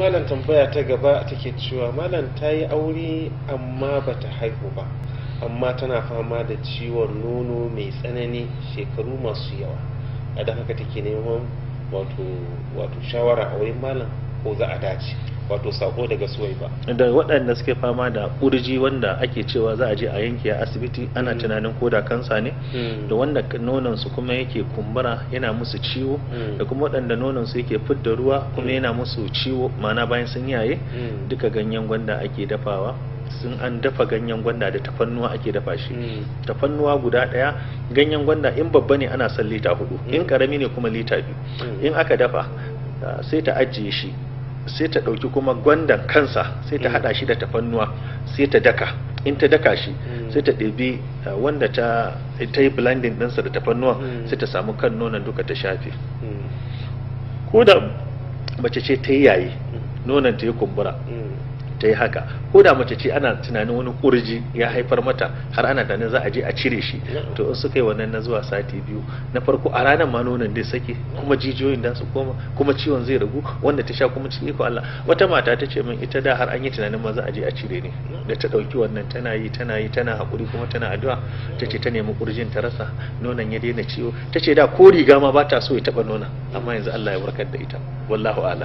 malam tambaya ta gaba take cewa malam ta yi aure amma bata haihu ba amma tana fama da ciwon nono mai tsanani shekaru masu yawa a da haka take neman wato shawara a wurin malam ko za a dace wato sako daga suwaiba da waɗanda suke fama da ƙurji wanda ake cewa za a je a yanke a asibiti ana mm. tunanin ko da kansa ne mm. da wanda nonon su kuma yake kumbura yana musu ciwo mm. da kuma waɗanda nonon su yake fidda ruwa kuma yana musu ciwo mana bayan sun yaye duka ganyen gwanda ake dafawa sun an dafa ganyen gwanda da tafannuwa ake dafa shi tafannuwa guda ɗaya ganyen gwanda in babba ne ana san lita hudu in karami ne kuma lita biyu in aka dafa sai ta ajiye shi sai ta ɗauki kuma gwandan kansa sai ta mm. haɗa shi da tafannuwa sai ta daka in ta daka shi mm. sai ta ɗabi uh, wanda ta yi blending ɗinsa da tafannuwa mm. sai ta samu kan nonon duka ta shafe ko da mace ce ta yi yayi nonon ta yi kumbura ta yi haka ko da mace ce ana tunanin wani kurji ya haifar mata har ana tunanin za a je a cire shi to in suka yi wannan na zuwa sati biyu na farko a ranar ma nonon dai sake kuma jijiyoyin da su koma kuma ciwon zai ragu wanda ta sha kuma cikin iko Allah wata mata ta ce min ita da har an yi tunanin ma za a je a cire ne da ta dauki wannan tana yi tana yi tana hakuri kuma tana addu'a ta ce ta nemi kurjin ta rasa nonon ya daina ciwo ta ce da ko riga ma ba ta so ya taba nonon amma yanzu Allah ya barkar da ita wallahu a'lam